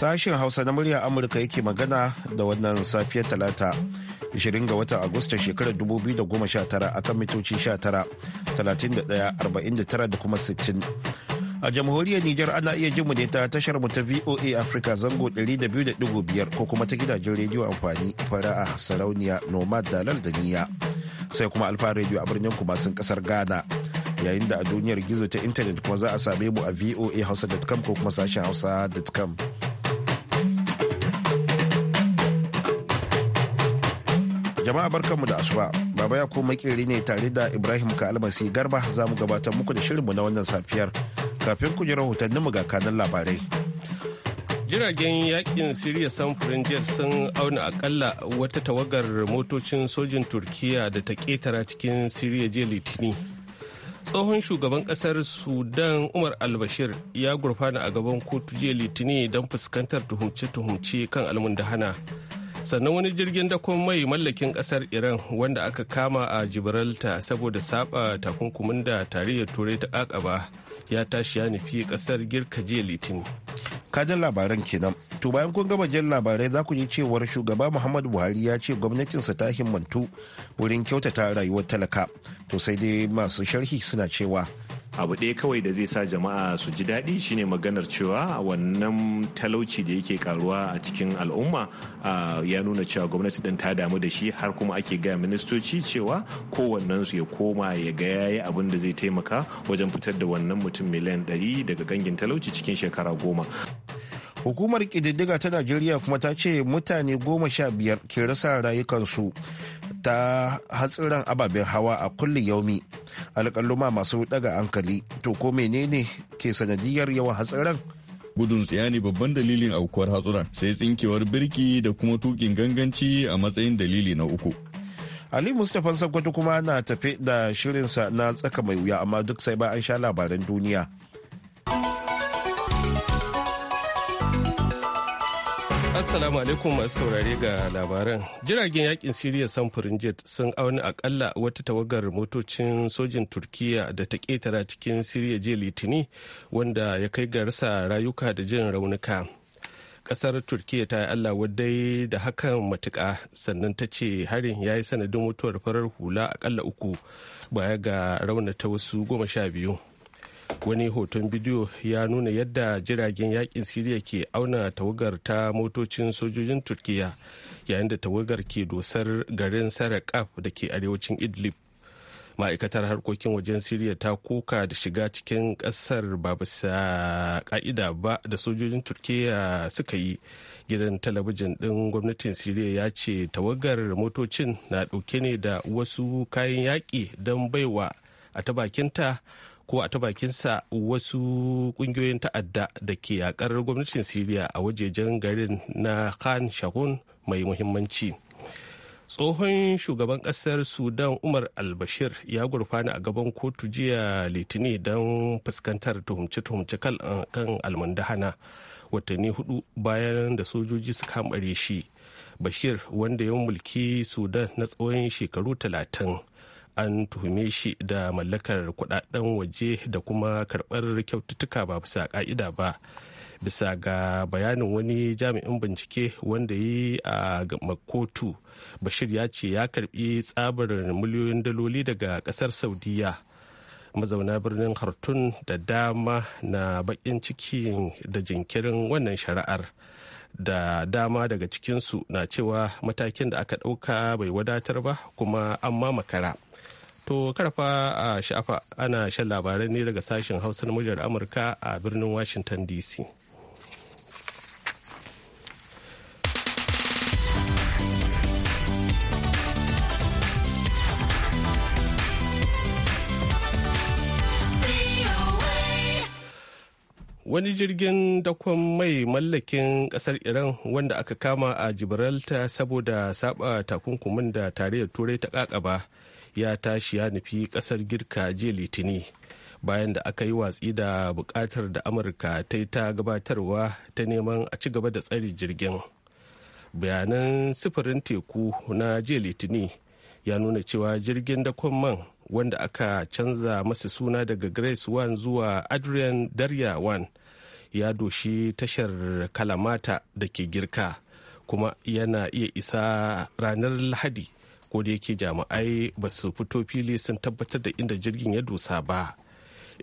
Sashen Hausa na murya Amurka yake magana da wannan safiyar Talata 20 ga watan Agusta shekarar 2019 akan mitoci 19, 31, 49 da kuma 60. a jamhuriyar Nijar ana iya jin ne ta tashar mu ta VOA Africa zango 200.5 ko kuma ta gidajen rediyo amfani fara'a sarauniya nomad dalal da niya sai kuma alfa rediyo a birnin kuma sun kasar Ghana yayin da a duniyar gizo ta intanet kuma za a same mu a voahausa.com ko kuma sashen hausa.com Jama'a barkanmu da asuba. Baba ya koma makeri ne tare da Ibrahim Kalmasi Garba za mu gabatar muku da shirinmu na wannan safiyar. Kafin ku ji mu ga kanan labarai. jiragen yakin siriya samfurin jiyar sun auna akalla wata tawagar motocin sojin turkiya da ta ketara cikin siriya jiya litini tsohon shugaban kasar sudan umar albashir ya gurfana a gaban kotu jiya litini don fuskantar tuhumce-tuhumce kan almundahana sannan wani jirgin dakon mai mallakin kasar iran wanda aka kama a jibralta saboda saba takunkumin da tarayyar turai ta akaba ya tashi ya nufi kasar girka jiya litinin kajin labaran kenan to bayan kun gama jin labarai za ku ji cewar shugaba muhammadu buhari ya ce gwamnatinsa ta himmantu wurin kyautata rayuwar talaka to sai dai masu sharhi suna cewa abu ɗaya kawai da zai sa jama'a su ji daɗi shine maganar cewa wannan talauci da yake karuwa a cikin al'umma ya nuna cewa gwamnati ɗin ta damu da shi har kuma ake gaya ministoci cewa wannan su ya koma ya ga yayi abin da zai taimaka wajen fitar da wannan mutum miliyan ɗari daga gangin talauci cikin shekara goma. Hukumar ƙididdiga ta Najeriya kuma ta ce mutane goma sha biyar ke rasa rayukansu ta hatsiran ababen hawa a kullum yaumi alƙaluma masu daga hankali to ko menene ke sanadiyar yawan hatsiran gudun tsaya ne babban dalilin aukuwar hatsuran sai tsinkewar birki da kuma tukin ganganci a matsayin dalili na uku ali mustapha sakwato kuma na tafe da shirinsa na tsaka mai wuya amma duk sai ba an sha labaran duniya Assalamu alaikum masu saurare ga labaran. Jiragen yakin Siriya samfurin jet sun auna akalla wata tawagar motocin sojin turkiyya da ta ketara cikin Siriya jiya Litini wanda ya kai ga rasa rayuka da jin raunuka. Kasar turkiyya ta yi Allah wadai da hakan matuka sannan ta ce harin ya yi sanadin mutuwar farar hula akalla uku baya ga ta wasu goma sha biyu. wani hoton bidiyo ya nuna yadda jiragen yakin siriya ke auna tawagar ta motocin sojojin turkiya yayin da tawagar ke dosar garin sarakaf da ke arewacin idlib ma'aikatar harkokin wajen siriya ta koka da shiga cikin kasar ba bisa ka'ida ba da sojojin turkiya suka yi gidan talabijin ɗin gwamnatin siriya ya ce tawagar motocin na ɗauke ne da wasu kayan yaƙi don baiwa a ta bakinta ko a ta bakinsa wasu kungiyoyin ta'adda da ke yakar gwamnatin siriya a wajejen garin na khan shahun mai muhimmanci tsohon shugaban kasar sudan umar albashir ya gurfana a gaban kotu jiya litini don fuskantar tuhumce-tuhumce kan almandahana watanni hudu bayan da sojoji suka hamare shi bashir wanda ya mulki sudan na tsawon shekaru talatin an tuhume shi da mallakar kudaden waje da kuma karbar kyaututtuka ba bisa ka'ida ba bisa ga bayanin wani jami'in bincike wanda yi a makotu bashir ya ce ya karbi tsabar miliyoyin daloli daga kasar saudiya mazauna birnin hartun da dama na bakin ciki da jinkirin wannan shari'ar da dama daga cikinsu na cewa matakin da aka ɗauka bai wadatar ba kuma an ma makara. To karfa a shafa ana shan labarai ne daga sashen Hausa na muryar Amurka a birnin Washington DC. wani jirgin dakon mai mallakin kasar iran wanda aka kama a gibraltar saboda saba takunkumin da tarayyar turai ta kakaba ya tashi ya nufi kasar girka jiya litini bayan da aka yi watsi da bukatar da amurka ta yi ta gabatarwa ta neman a ci gaba da tsari jirgin bayanan sifirin teku na jiya litini ya nuna cewa jirgin dakon man wanda aka canza masa suna daga grace one zuwa adrian darya one ya doshi tashar kalamata da ke girka kuma yana iya isa ranar lahadi ko da yake jami'ai ba su fito fili sun tabbatar da inda jirgin ya dosa ba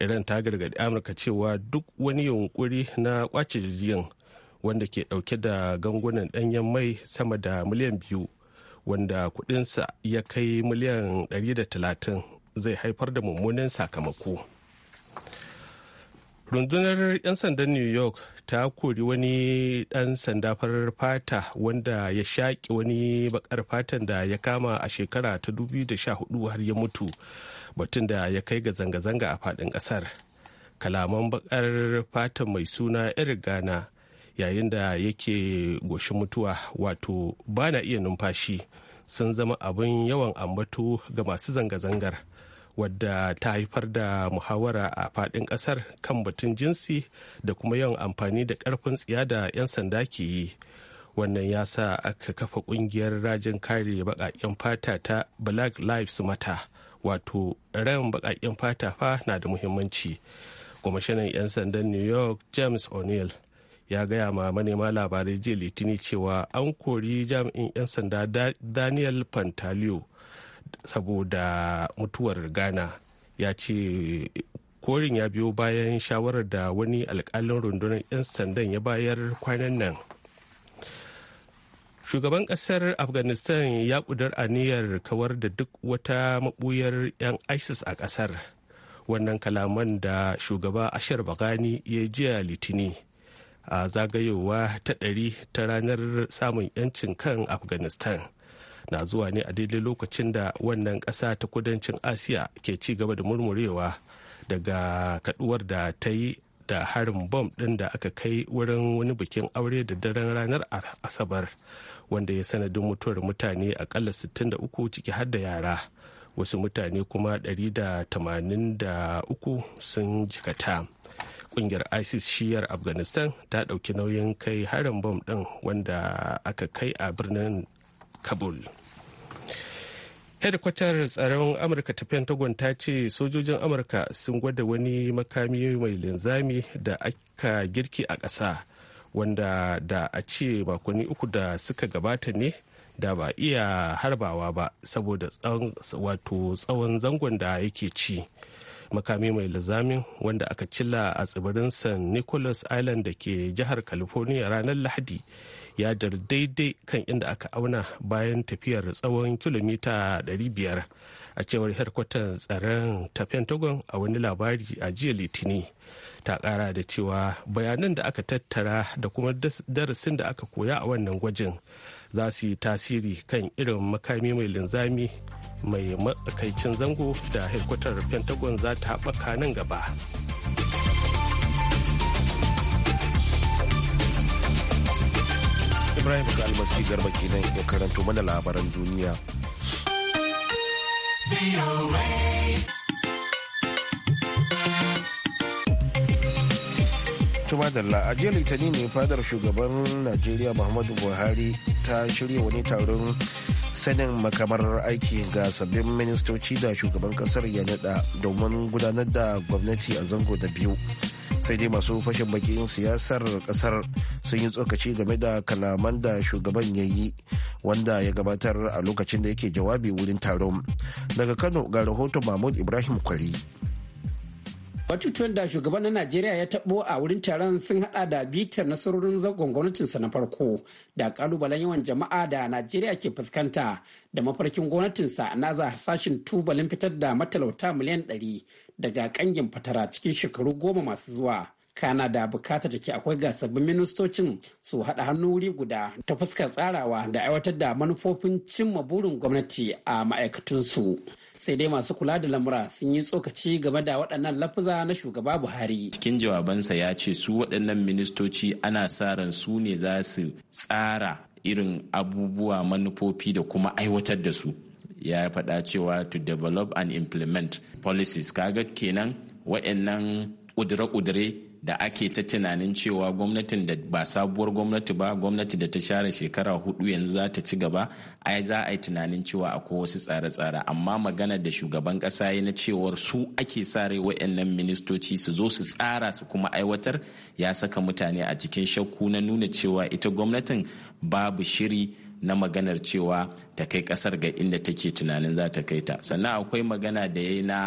iran ta gargadi amurka cewa duk wani yunkuri na kwace jirgin wanda ke ɗauke da gangunan ɗanyen mai sama da miliyan biyu wanda kuɗinsa ya kai miliyan 130 zai haifar da mummunan sakamako rundunar 'yan sandan new york ta kori wani ɗan sanda farar fata wanda ya shaƙi wani bakar fatan da ya kama a shekara ta 2014 har ya mutu batun da ya kai ga zanga-zanga a faɗin ƙasar kalaman bakar fatan mai suna gana yayin da yake goshi mutuwa wato ba na iya numfashi sun zama abin yawan ambato ga masu zanga-zangar wadda ta haifar da muhawara a faɗin ƙasar kan batun jinsi da kuma yawan amfani da ƙarfin tsiya da 'yan sanda ke yi wannan ya sa aka kafa ƙungiyar rajin kare baƙaƙen fata ta black lives matter wato ran baƙaƙen fata fa na da muhimmanci kwamishinan 'yan sandan new york james o'neill ya gaya ma manema labarai jiya litini cewa an kori jami'in 'yan sanda daniel pantaleo saboda mutuwar ghana ya ce korin ya biyo bayan shawarar da wani alkalin rundunar 'yan sandan ya bayar kwanan nan shugaban kasar afghanistan ya kudur aniyar kawar da duk wata mabuyar 'yan isis a kasar wannan kalaman da shugaba ashir bagani ya jiya litini a zagayowa ta ɗari ta ranar samun 'yancin kan afghanistan na zuwa ne a daidai lokacin da wannan ƙasa ta kudancin asiya ke ci gaba da murmurewa daga kaduwar da ta yi da harin bom ɗin da aka kai wurin wani bikin aure da daren ranar asabar wanda ya sanadin mutuwar mutane akalla 63 ciki har da yara wasu mutane kuma 183 sun jikata kungiyar isis shiyar afghanistan ta ɗauki nauyin kai harin bom ɗin wanda aka kai a birnin kabul hedikwatar tsaron amurka ta pentagon ta ce sojojin amurka sun gwada wani makami mai linzami da aka girki a ƙasa wanda da a ce makonni uku da suka gabata ne da ba iya harbawa ba saboda tsawon zangon da yake ci makami mai linzamin wanda aka cilla a tsibirin san nicholas island da ke jihar california ranar lahadi ya daidai kan inda aka auna bayan tafiyar tsawon kilomita 500 a cewar harkwatan tsaron ta pentagon a wani labari a jiya litini ta kara da cewa bayanan da aka tattara da kuma darasin da aka koya a wannan gwajin za su yi tasiri kan irin makami mai linzami mai matsakaicin zango da harkwatar pentagon za ta haɓaka nan gaba. Ibrahim ga almasi garba kenan ya karanto mana labaran duniya. tumadalla a jiya litani ne fadar shugaban najeriya muhammadu buhari ta shirya wani taron sanin makamar aiki ga sabbin ministoci da shugaban kasar ya nada domin gudanar da gwamnati a zango da biyu sai dai masu fashin bakin siyasar kasar sun yi tsokaci game da kalaman da shugaban ya yi wanda ya gabatar a lokacin da yake jawabi wurin taron daga kano ga rahoton mahmud ibrahim kwari batutuwan da shugaban na najeriya ya tabo a wurin taron sun hada da bitar nasarorin zagon gwamnatinsa na farko da kalubalen yawan jama'a da najeriya ke fuskanta da mafarkin gwamnatinsa na za sashin tubalin fitar da matalauta miliyan ɗari. daga kangin fatara cikin shekaru goma masu zuwa kana da bukatar da ke akwai ga sabbin ministocin su haɗa hannu wuri guda ta fuskar tsarawa da aiwatar da manufofin cimma burin gwamnati a ma'aikatunsu sai dai masu kula da lamura sun yi tsokaci game da waɗannan lafuza na shugaba buhari cikin jawabansa ya ce su waɗannan ministoci ana sa ran su ne za su tsara irin abubuwa manufofi da kuma aiwatar da su ya faɗa cewa to develop and implement policies kaga kenan wa'annan ƙudure-ƙudure da ake ta tunanin cewa gwamnatin da ba sabuwar gwamnati ba gwamnati da ta share shekara hudu yanzu za ta ci gaba ai za a yi tunanin cewa akwai wasu tsare-tsare amma magana da shugaban kasa ya na cewar su ake sa rai wayannan ministoci su zo su tsara su kuma aiwatar ya saka mutane a cikin shakku na nuna cewa ita gwamnatin babu shiri na maganar cewa ta kai kasar ga inda take tunanin za ta kai ta sannan akwai magana da ya na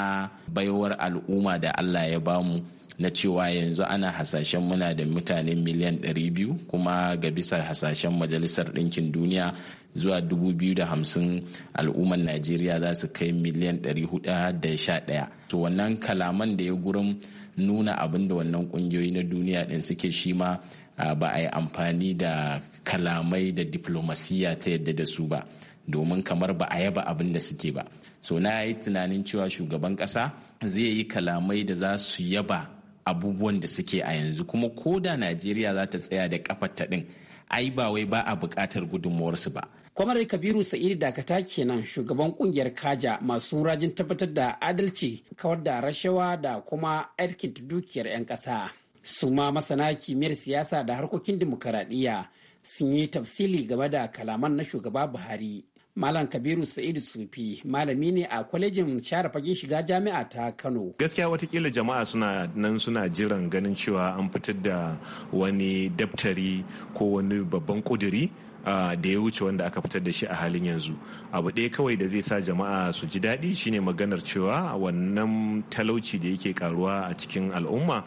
baiwar al'umma da allah ya bamu na cewa yanzu ana hasashen muna da mutane miliyan 200 kuma ga bisa hasashen majalisar ɗinkin duniya zuwa 2050 al'ummar najeriya za su kai miliyan 411 to wannan kalaman da ya gurin nuna abin da wannan ƙungiyoyi na duniya ɗin suke shi ma ba a yi amfani da kalamai da diplomasiya ta yadda da su ba domin kamar ba a yaba abin da suke ba so na yi tunanin cewa shugaban kasa zai yi kalamai da za su yaba abubuwan da suke a yanzu kuma ko da najeriya za ta tsaya da kafarta ɗin ai ba wai ba a bukatar buƙatar su ba kwamar kabiru sa'idu dakata kenan shugaban kungiyar kaja masu rajin tabbatar da adalci kawar da rashawa da kuma aikin dukiyar 'yan ƙasa su ma masana kimiyyar siyasa da harkokin dimokuraɗiyya sun yi tafsili game da kalaman na shugaba Buhari. Malam Kabiru Sa'idu Sufi malami ne a kwalejin share fagen shiga jami'a ta Kano. Gaskiya watakila jama'a suna nan suna jiran ganin cewa an fitar da wani daftari ko wani babban ƙudiri. da ya wuce wanda aka fitar da shi a halin yanzu abu ɗaya kawai da zai sa jama'a su ji daɗi shine maganar cewa wannan talauci da yake karuwa a cikin al'umma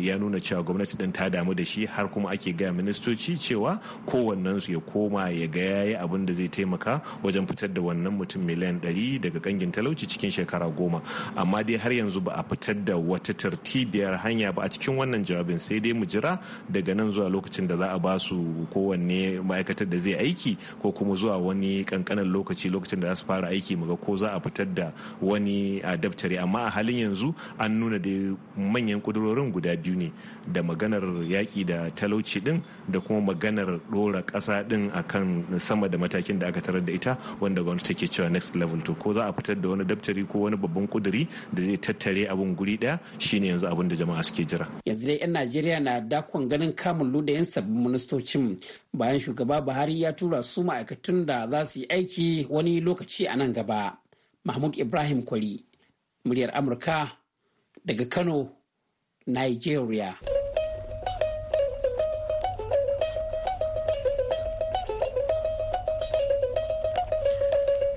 ya nuna cewa gwamnati ɗin ta damu da shi har kuma ake gaya ministoci cewa kowannen su ya koma ya ga yayi abin da zai taimaka wajen fitar da wannan mutum miliyan ɗari daga kangin talauci cikin shekara goma amma dai har yanzu ba a fitar da wata tartibiyar hanya ba a cikin wannan jawabin sai dai mu jira daga nan zuwa lokacin da za a ba su kowanne ma'aikata ma'aikatar da zai aiki ko kuma zuwa wani kankanin lokaci lokacin da za su fara aiki muga ko za a fitar da wani a daftari amma a halin yanzu an nuna da manyan kudurorin guda biyu ne da maganar yaƙi da talauci din da kuma maganar ɗora ƙasa din akan sama da matakin da aka tarar da ita wanda gwamnati take cewa next level to ko za a fitar da wani daftari ko wani babban kuduri da zai tattare abun guri ɗaya shine yanzu abun da jama'a suke jira yanzu dai yan najeriya na dakon ganin kamun ludayen sabbin ministocin bayan shugaba Buhari ya tura su ma'aikatun da za su yi aiki wani lokaci a nan gaba. Mahmud Ibrahim Kwari, muryar Amurka daga Kano, Nigeria.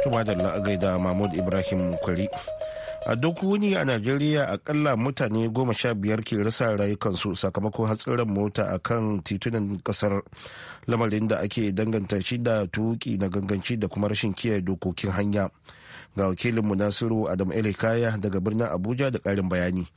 Tumadar da la'agai da Mahmud Ibrahim Kwari. a duk wuni a najeriya akalla mutane goma sha biyar ke rasa rayukansu sakamakon hatsarin mota a kan titunan kasar lamarin da ake danganta shi da tuki na ganganci da kuma rashin kiyaye dokokin hanya ga wakilinmu nasiru adam elikaya daga birnin abuja da ƙarin bayani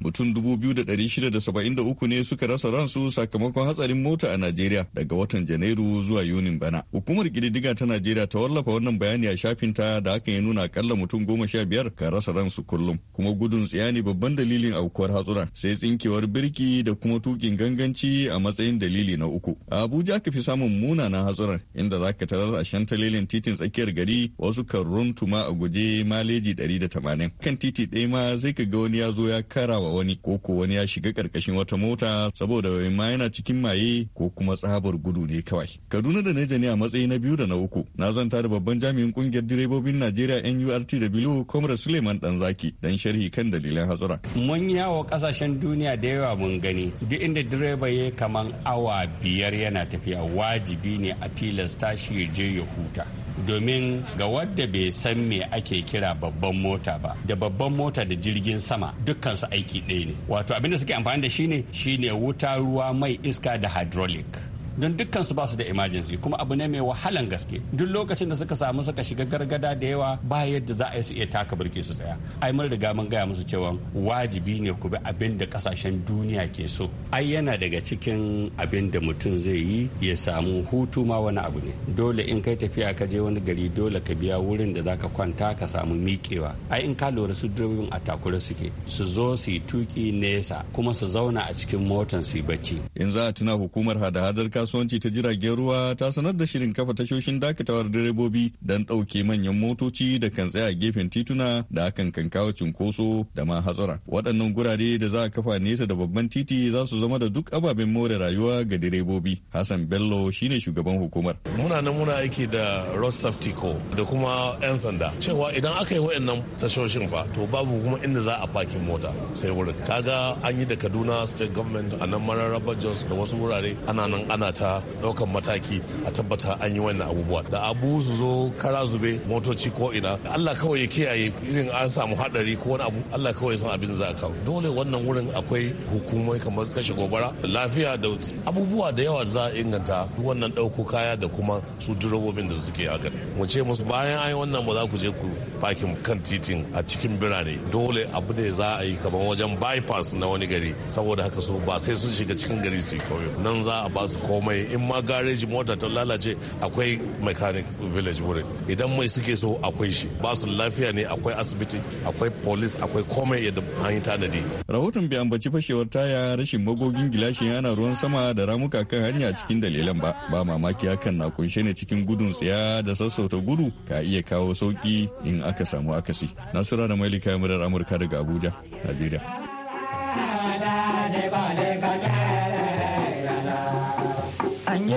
mutum 2,673 ne suka rasa ransu sakamakon hatsarin mota a Najeriya daga watan Janairu zuwa Yunin bana. Hukumar Gididiga ta Najeriya ta wallafa wannan bayani a shafin ta da hakan ya nuna akalla mutum goma sha biyar ka rasa ransu kullum. Kuma gudun tsiya ne babban dalilin aukuwar hatsuran sai tsinkewar birki da kuma tukin ganganci a matsayin dalili na uku. A Abuja aka fi samun na hatsuran inda za ka tarar a talalin titin tsakiyar gari wasu kan runtuma a guje maleji 180. Kan titi ɗaya ma zai ka ga wani ya zo ya karawa wani ko ko wani ya shiga karkashin wata mota saboda wai ma yana cikin maye ko kuma tsabar gudu ne kawai kaduna da naija ne a matsayi na biyu da na uku na zanta da babban jami'in kungiyar direbobin najeriya nurt da bilu komar suleiman zaki dan sharhi kan dalilan hatsura mun yawo kasashen duniya da yawa mun gani duk inda direba ya kaman awa biyar yana tafiya wajibi ne a tilasta shi ya je ya huta domin ga wadda bai san me ake kira babban mota ba da babban mota da jirgin sama dukkan su aiki ɗaya ne wato abinda suke amfani da shi ne shine wuta ruwa mai iska da hydraulic don dukkan su ba su da emergency kuma abu ne mai wahalan gaske duk lokacin da suka samu suka shiga gargada da yawa ba yadda za a yi su iya taka birki su tsaya ai mun riga mun gaya musu cewa wajibi ne ku bi abin da kasashen duniya ke so ai yana daga cikin abin da mutum zai yi ya samu hutu ma wani abu ne dole in kai tafiya ka je wani gari dole ka biya wurin da zaka kwanta ka samu miƙewa ai in ka lura su direbobin a takura suke su zo su yi tuki nesa kuma su zauna a cikin motan su yi bacci in za a tuna hukumar hada-hadar kasuwanci ta jiragen ruwa ta sanar da shirin kafa tashoshin dakatawar direbobi don ɗauke manyan motoci da kan tsaya gefen tituna da akan kankawa cunkoso da ma hatsura. Waɗannan gurare da za a kafa nesa da babban titi za su zama da duk ababen more rayuwa ga direbobi. Hassan Bello shi ne shugaban hukumar. Muna nan muna aiki da Road Safety Co da kuma 'yan sanda cewa idan aka yi waɗannan tashoshin fa to babu kuma inda za a fakin mota sai wurin. Kaga an yi da Kaduna State Government a nan Mararaba Jos da wasu wurare ana nan ana ta daukan mataki a tabbata an yi wannan abubuwa da abu su zo kara zube motoci ko ina Allah kawai ya kiyaye irin an samu hadari ko wani abu Allah kawai san abin za ka dole wannan wurin akwai hukumai kamar kashe gobara lafiya da abubuwa da yawa za a inganta wannan dauko kaya da kuma su durobobin da suke haka mu ce musu bayan an yi wannan ba za ku je ku fakin kan titin a cikin birane dole abu ne za a yi kamar wajen bypass na wani gari saboda haka su ba sai sun shiga cikin gari su yi kawai nan za a ba su ko komai in ma gareji mota ta lalace akwai mechanic village wurin idan mai suke so akwai shi ba su lafiya ne akwai asibiti akwai police akwai komai yadda an yi tanadi rahoton bai ambaci fashewar taya rashin magogin gilashin yana ruwan sama da ramuka kan hanya cikin dalilan ba ba mamaki hakan na kunshe ne cikin gudun tsaya da sassauta gudu ka iya kawo sauki in aka samu akasi nasura da mailika murar amurka daga abuja najeriya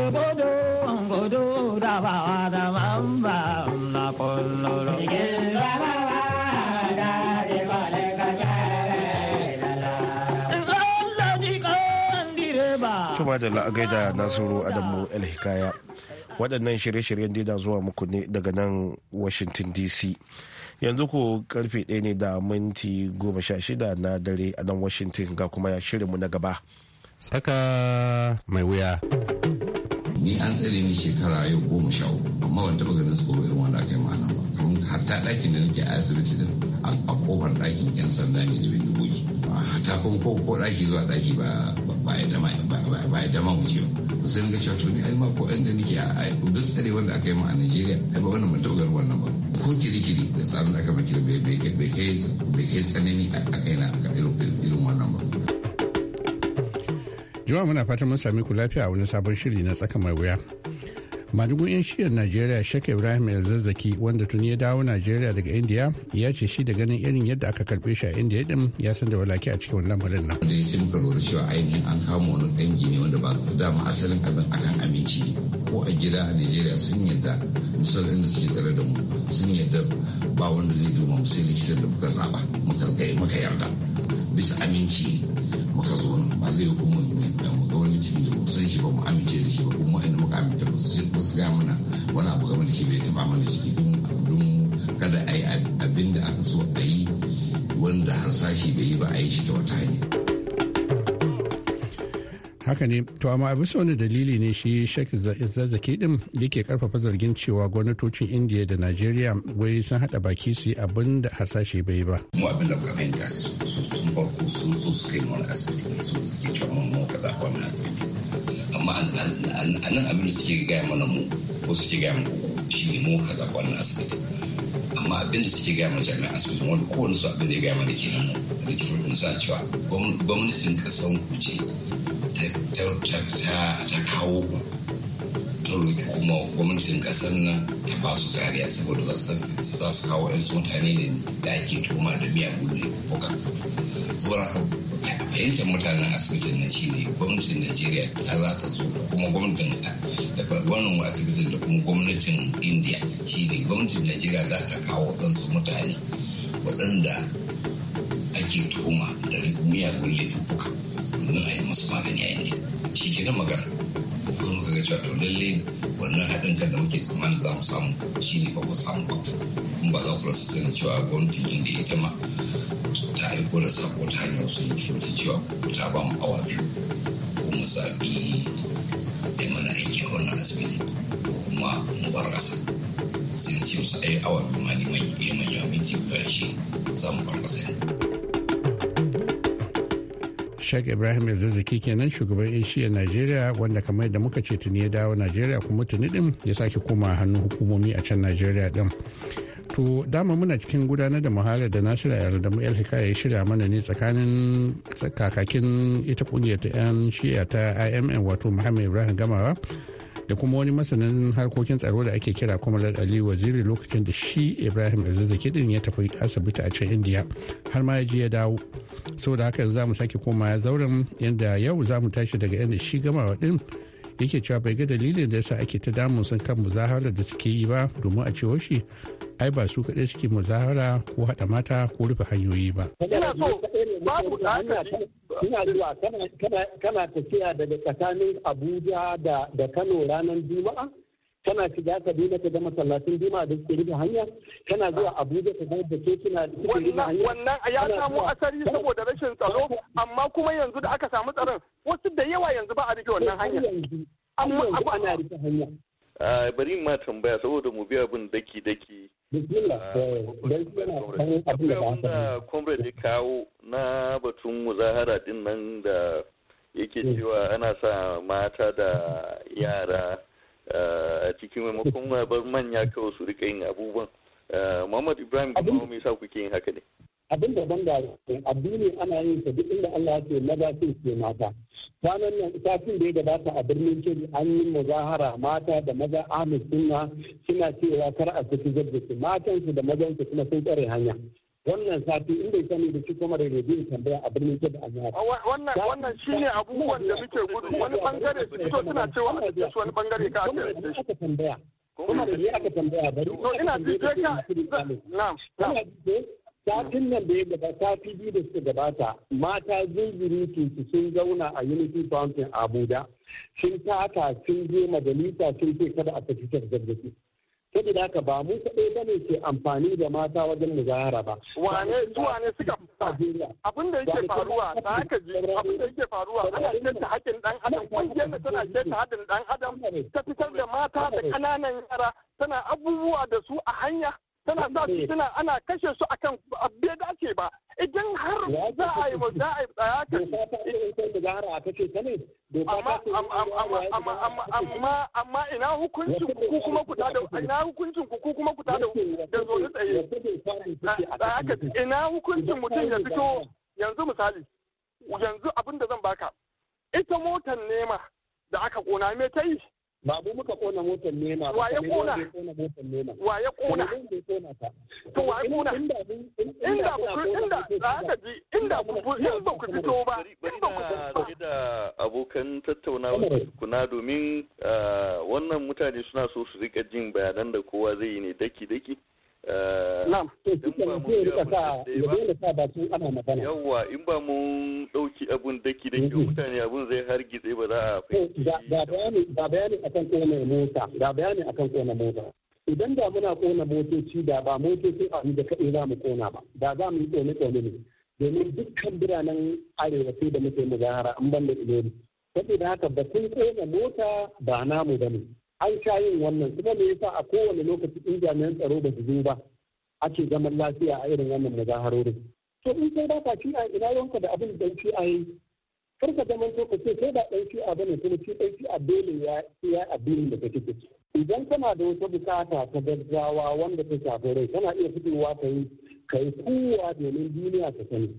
kuma da ba da um, Nasiru Adamu El Waɗannan shirye-shiryen dina zuwa muku ne daga nan Washington DC. yanzu ko karfe ɗaya ne da minti goma sha shida na dare a nan washington ga kuma shirinmu na gaba saka mai wuya ni an tsere ni shekara yau goma sha uku amma ban taɓa ganin tsoro irin wanda aka yi ma'ana ba kamar hatta ɗakin da nake a asibiti da a kofar ɗakin yan sanda ne da bindigogi hatta kuma ko ko ɗaki zuwa ɗaki ba ba ya dama ba ya dama mu ce ba sai ga cewa to ni ai ma ko inda nake a duk tsare wanda aka yi ma a Najeriya ai ba wannan ban taɓa ganin wannan ba ko kiri da tsarin da aka makira bai kai tsanani a kaina irin wannan ba. Juma muna fatan mun sami ku lafiya a wani sabon shiri na tsaka mai wuya. Madugun 'yan shiyar Najeriya shek Ibrahim El Zazzaki wanda tuni ya dawo Najeriya daga India ya ce shi da ganin irin yadda aka karbe shi a India din ya san da walaki a cikin lamarin nan. Da sai muka lura cewa ainihin an kama wani dangi ne wanda ba da dama asalin abin akan aminci ko a gida a Najeriya sun yadda misalin da suke tsare da mu sun yadda ba wanda zai duma mu sai likitan da muka zaba muka yarda bisa aminci muka zo ba zai hukumu da wani cikin da ba san shi ba mu amince da shi ba kuma wa'anda muka amince ba su gaya mana wani abu game da shi bai taba mana shi don kada a yi abin da aka so a yi wanda harsashi bai yi ba a yi shi ta wata hanya. haka ne to amma a bisa wani dalili ne shi shek zazzaki din ke karfafa zargin cewa gwamnatocin india da najeriya wai sun hada baki su yi abin da hasashe bai yi ba mu abin da kuka fahimta su sun farko sun so su kai mu wani asibiti ne su suke cewa mun mu kaza ko wani asibiti amma a nan abin da suke gaya mana mu ko suke gaya mana shi ne mu kaza ko wani asibiti amma abin da suke gaya mana jami'an asibitin wani kowane su abin da ya gaya mana kenan da kirkin sa cewa gwamnatin kasan ku ce ta kawo ta roƙi kuma gwamnatin ƙasar nan ta ba su kariya saboda za su kawo 'yan mutane ne da ake toma da miyagun laifuka saboda haka fahimtar mutanen asibitin na shi ne gwamnatin najeriya ta za ta zo kuma gwamnatin da wannan asibitin da kuma gwamnatin indiya shi ne gwamnatin najeriya za ta kawo waɗansu mutane waɗanda ake tuhuma da miyagun laifuka domin a yi masu magani a inda shi ke nan magana ko muka ga cewa to lalle wannan haɗin kan da muke tsammanin za mu samu shi ne ba mu samu ba kuma ba za ku rasa sani cewa gwamnatin inda ita ma ta aiko da sako ta hanyar sun kyauta cewa ta ba mu awa biyu ko mu zaɓi da mana aiki a wannan asibiti ko kuma mu bar ƙasa sai ce su ayi awa biyu ma neman eh, yi manyan minti guda za mu bar ƙasa ishaq ibrahim zazzaki kenan shugaban asia najeriya wanda kamar da muka ce tuni ya dawo najeriya kuma tuni din ya sake koma hannun hukumomi a can najeriya din to dama muna cikin gudanar da muhalar da nasiru yardamu el hikaya ya shirya mana ne tsakanin kakakin ita kungiyar ta yan shi'a ta imn wato muhammad ibrahim gamawa da kuma wani masanin harkokin tsaro da ake kira kumalar ali waziri lokacin da shi ibrahim azizzaki din ya tafi asibiti a can indiya har ma ya ji ya dawo saboda haka za mu sake koma ya zauren yadda yau za mu tashi daga yadda shi gamawa din yake cewa bai ga dalilin da yasa ake ta damun sun kan muzahara da suke yi ba domin a cewa shi ai ba su kaɗai suke muzahara ko haɗa mata ko rufe hanyoyi ba. Ina so babu da Ina zuwa kana tafiya daga tsakanin Abuja da Kano ranar Juma'a? Kana shiga Kaduna ka zama masallacin Juma'a da suke rufe hanya? Kana zuwa Abuja ta zama da suna da suke rufe hanya? Wannan ya samu asali saboda rashin tsaro amma kuma yanzu da aka samu tsaron wasu da yawa yanzu ba a rufe wannan hanya. Amma ana rufe hanya. bari ma tambaya saboda mu biya abin daki daki eh, akwai abin da comrade ya kawo na batun muzahara din nan da yake mm. cewa ana sa mata da yara a cikin maimakon bar manya kawai su rika yin abubuwan Muhammad Ibrahim kuma me sa kuke yin haka ne abin da ban da addini ana yin sa duk inda Allah ke maza sun ke mata kwanan nan satin da ya gabata a birnin Kebbi an yi muzahara mata da maza amin suna suna cewa kar a saki su matan su da mazan su kuma sun tsare hanya wannan sati inda ya sani da shi kuma da rediyon tambaya a birnin Kebbi a jihar wannan wannan shine abubuwan da muke gudu wani bangare su fito suna cewa a cikin wani bangare ka aka tambaya kuma da ni aka tambaya bari ina ji ka na'am na'am satin nan da ya gaba sati biyu da suka gabata mata zunzurutun su sun zauna a unity fountain abuja sun taka sun je majalisa sun ce kada a tafi tafi saboda haka ba mu kaɗai ba ne ke amfani da mata wajen muzahara ba. Wane zuwa ne suka abin da yake faruwa da aka ji abin da yake faruwa ana keta haƙƙin ɗan adam ƙungiyar da tana keta haƙƙin ɗan adam ta fitar da mata da ƙananan yara tana abubuwa da su a hanya tana sa su eh. tana ana kashe su akan bai dace ba idan har za a yi za a yi tsaya ka amma amma ina hukuncin ku kuma ku tada ina hukuncin ku kuma ku tada da zo ni tsaye tsaya ka ina hukuncin mutum ya fito yanzu misali yanzu abin da zan baka ita motar nema da aka kona me ta yi babu muka kona motar nema wa ya kona wa ya kona to wa ya kona inda inda inda inda in ba ku fito ba in ba ku fito da abokan tattaunawa kuna domin ah, wannan mutane suna so su rika jin bayanan da kowa zai yi ne daki daki Eh, Yawwa in ba mun ɗauki abun daki da ke mm-hmm. mutane abun zai hargitse ba za a fahimci. Ga bayani ga bayani akan kona mota, ga bayani akan kona mota. Idan da muna kona motoci da ba motocin abu da kaɗai za mu kona ba, da za mu yi kone-kone ne. Domin dukkan biranen arewa sai da muke mu zahara an ban da ilori. Saboda haka batun kona mota ba namu ba ne. an sha yin wannan kuma me yasa a kowane lokaci in jami'an tsaro ba su zo ba ake zaman lafiya a irin wannan mazaharorin to in sai ba ka ci a ina yanka da abin da ci a yi kar ka zama to ka ce sai ba dan ci a bane kuma ci dan ci a dole ya ya addinin da kake ciki idan kana da wata bukata ta gaggawa wanda ta shafi rai kana iya fitowa ka yi ka yi kowa domin duniya ta sani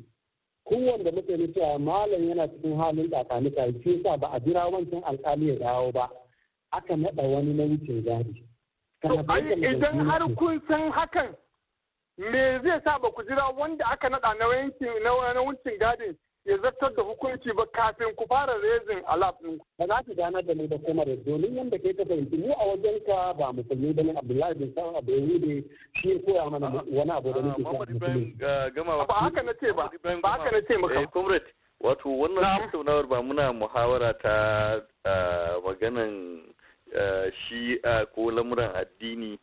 kowanne mutane cewa malam yana cikin halin tsakanika shi yasa ba a jira wancan alƙali ya dawo ba aka naɗa wani na wucin gadi. Idan har kun san hakan me zai sa ba ku jira wanda aka naɗa na wucin gadin ya zartar da hukunci ba kafin ku fara rezin alaf ɗin ku. Ba za ki gana da ni ba kuma da domin yadda kai ta fahimci Ni a wajen ka ba musulmi ne, Abdullahi bin Sa'ad Abu Yahudi shi ya koya mana wani abu da nake sa musulmi. Uh, ba haka na ce ba ba haka na ce maka. Eh, comrade wato wannan tattaunawar ba muna muhawara ta uh, maganan Eh, shi'a eh, ko lamuran addini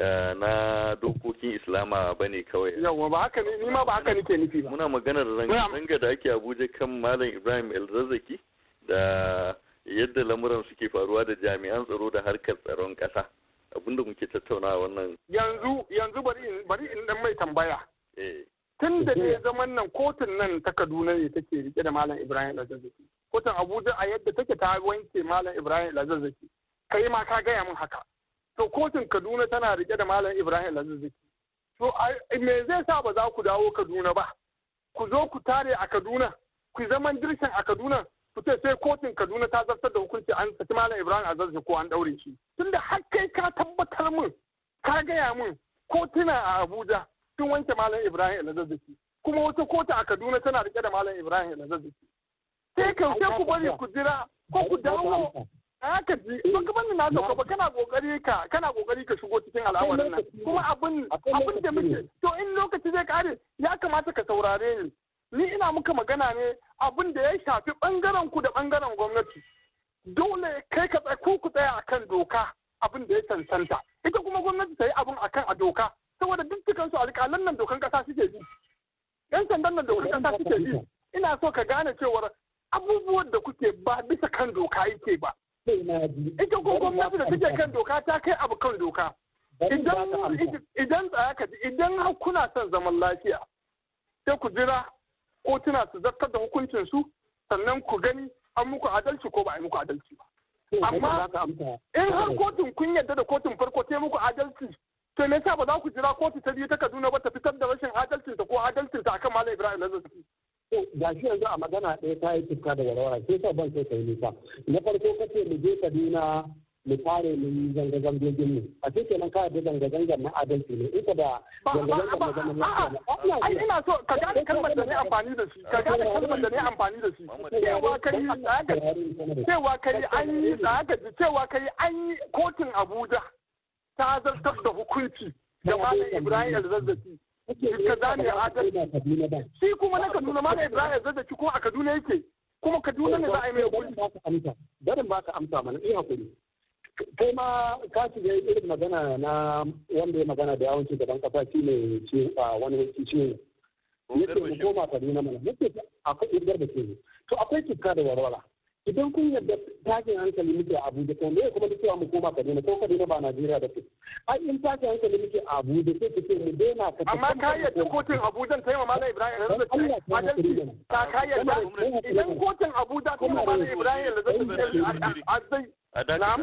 eh, na dokokin islama ba ne kawai yawa ba haka ni ma ba haka nake nufi ba muna maganar ranga da ake abuja kan malam ibrahim elzazzaki da yadda lamuran suke faruwa da jami'an tsaro da harkar tsaron kasa abinda muke tattauna wannan yanzu yanzu bari in dan mai tambaya tun da ne zaman nan kotun nan ta kaduna ne take rike da malam ibrahim lazazzaki kotun abuja a yadda take ta wanke malam ibrahim lazazzaki kai ma ka gaya min haka to kotun kaduna tana rike da malam ibrahim laziziki to me zai sa ba za ku dawo kaduna ba ku zo ku tare a kaduna ku zaman dirshin a kaduna ku ce sai kotun kaduna ta zartar da hukunci an saki malam ibrahim azazi ko an daure shi tunda har kai ka tabbatar min ka gaya min kotuna a abuja sun wanke malam ibrahim alazazzaki kuma wata kotu a kaduna tana rike da malam ibrahim alazazzaki sai kaushe ku bari ku jira ko ku dawo haka ah, ji in ka na ba kana kokari ka kana kokari ka shigo cikin al'amarin nan kuma abin abin da muke to in lokaci zai kare ya kamata ka saurare ni ni ina muka magana ne abin da ya shafi bangaren ku da bangaren gwamnati dole kai ka ku ku tsaya akan doka abin da ya cancanta ita kuma gwamnati ta yi abin akan a doka saboda dukkan su alƙalan nan dokan kasa suke bi yan sandan nan dokan kasa suke bi ina so ka gane cewar abubuwan da kuke ba bisa kan doka yake ba Ita ko gwamnati da take kan doka ta kai abu kan doka. Idan idan kuna son zaman lafiya sai ku jira kotuna su zartar da hukuncinsu sannan ku gani an muku adalci ko ba a yi muku adalci ba. Amma in har kotun kun yadda da kotun farko sai muku adalci to me sa ba za ku jira kotu ta biyu ta Kaduna ba ta fitar da rashin adalcinta ko adalcinta akan Malam Ibrahim Lazzaki. ga shi yanzu a magana ɗaya ta yi tuka da warware, sai sa ban sai yi nisa na farko ka ce mu je kaduna mu fare mu yi zanga-zangogin mu a ce kenan ka da zanga-zangar na adalci ne ita da zanga-zangar na zaman lafiya ai ina so ka gane kalmar da ne amfani da shi ka gane kalmar da ne amfani da shi cewa kai zaka cewa kai an yi zaka cewa kai an yi kotun Abuja ta zartar da hukunci da malam Ibrahim al ka zane adalci shi kuma na kaduna ma da ibrahim zai da kuma a kaduna yake kuma kaduna ne za a yi mai kuɗi barin ba ka amsa mana iya kuɗi kai ma ka shiga irin magana na wanda ya magana da yawanci gaban kasa shi ne wani wanki shi ne yake mu koma kaduna mana yake akwai irgar da ke to akwai cikka da warwara idan kun yadda tashin hankali muke a Abuja to me kuma da cewa mu koma Kaduna ko Kaduna ba Najeriya da ke ai in tashin hankali muke a Abuja sai ku ce mu daina ka amma ka yadda kotun Abuja ta yi ma Malam Ibrahim Lazzato adalci ka ka yarda idan kotun Abuja ta yi ma Malam Ibrahim Lazzato adalci a dakata ah,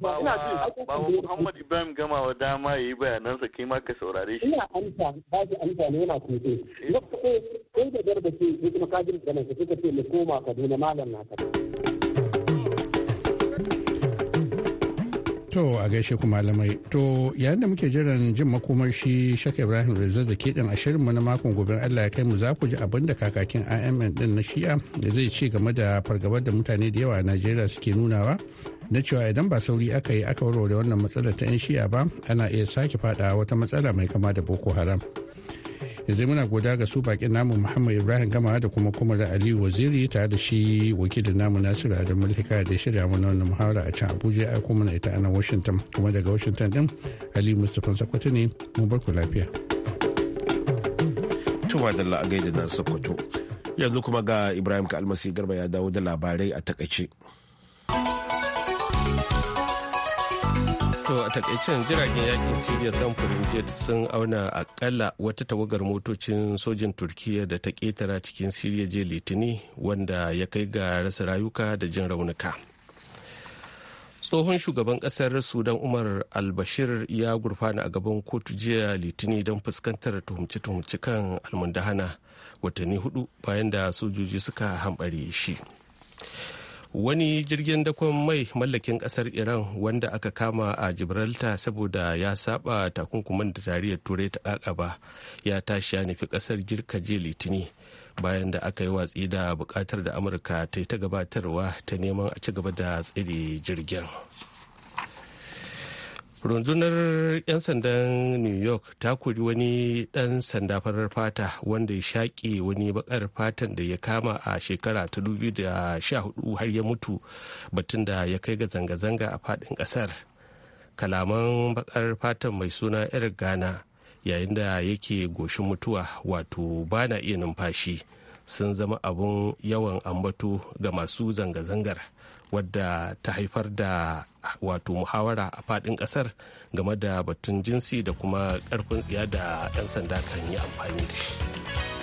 ba wa Muhammad Ibrahim gamawa dama ya yi bayanansa kai ma ka saurare shi. Ina amsa ba shi amsa ne yana kuce. Eh. Na kuɗe kai da garba ce kuma kajin da nan ka ce mu koma Kaduna malam na Kaduna. To a gaishe ku malamai. To yayin da muke jiran jin makomar shi Shek Ibrahim Rizal da ke din a shirinmu na makon gobe Allah ya kai mu za ku ji abin da kakakin IMN din na Shi'a da zai ce game da fargabar da mutane da yawa a Najeriya suke nunawa na cewa idan ba sauri aka yi aka warware wannan matsalar ta 'yan Shi'a ba ana iya sake fada wata matsala mai kama da Boko Haram. yanzu muna goda ga su bakin namu muhammad ibrahim gama da kuma kuma da aliyu waziri tare da shi wakilin namu nasiru adam mulkika da shirya mana wannan muhawara a can abuja ya kuma na ita ana washington kuma daga washington din aliyu mustapha sakwato ne mun barku lafiya. tuwa da la'agai da nan sakwato yanzu kuma ga ibrahim ka almasi garba ya dawo da labarai a takaice. To a takaicen jiragen yakin Siriya samfurin jet sun auna akalla wata tawagar motocin sojin Turkiyya da ta ketara cikin Siriya je Litini wanda ya kai ga rasa rayuka da jin raunuka. Tsohon shugaban kasar Sudan Umar albashir ya gurfana a gaban kotu jiya Litini don fuskantar tuhumce-tuhumce kan almundahana watanni hudu bayan da sojoji suka hambare shi. wani jirgin dakon mai mallakin kasar iran wanda aka kama a Jibralta saboda ya saba takunkuman da tariyar turai ta kakaba ya tashi ya nufi kasar girka je litini bayan da aka yi watsi da bukatar da amurka ta yi ta gabatarwa ta neman a ci gaba da tsire jirgin rundunar 'yan sandan new york ta kori wani ɗan sanda farar fata wanda ya shaƙe wani bakar fatan da ya kama a shekara ta 2014 har ya mutu batun da ya kai ga zanga-zanga a faɗin ƙasar kalaman bakar fatan mai suna eric ghana yayin da yake goshin mutuwa wato bana iya numfashi sun zama abun yawan ambato ga masu zanga-zangar wadda ta haifar da wato muhawara a fadin kasar game da batun jinsi da kuma karfin tsiya da 'yan sanda kan yi amfani da shi.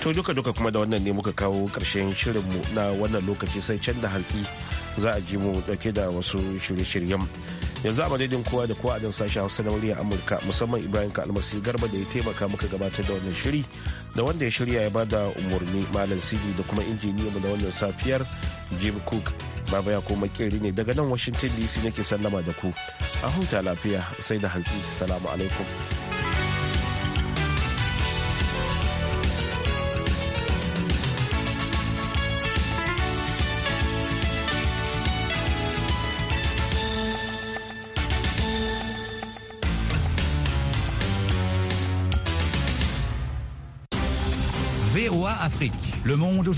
To duka-duka kuma da wannan ne muka kawo ƙarshen mu na wannan lokaci sai can da hantsi za a ji mu dauke da wasu shirye-shiryen. yanzu a madadin kowa da kowa a sashen hausa na muryar amurka musamman ibrahim kalmasi garba da ya taimaka muka gabatar da wannan shiri da wanda ya shirya ya bada umarni malam sidi da kuma injiniya mu da wannan safiyar jim cook baba ya koma kiri ne daga nan washington dc nake sallama da ku a huta lafiya sai da hantsi salamu alaikum Le monde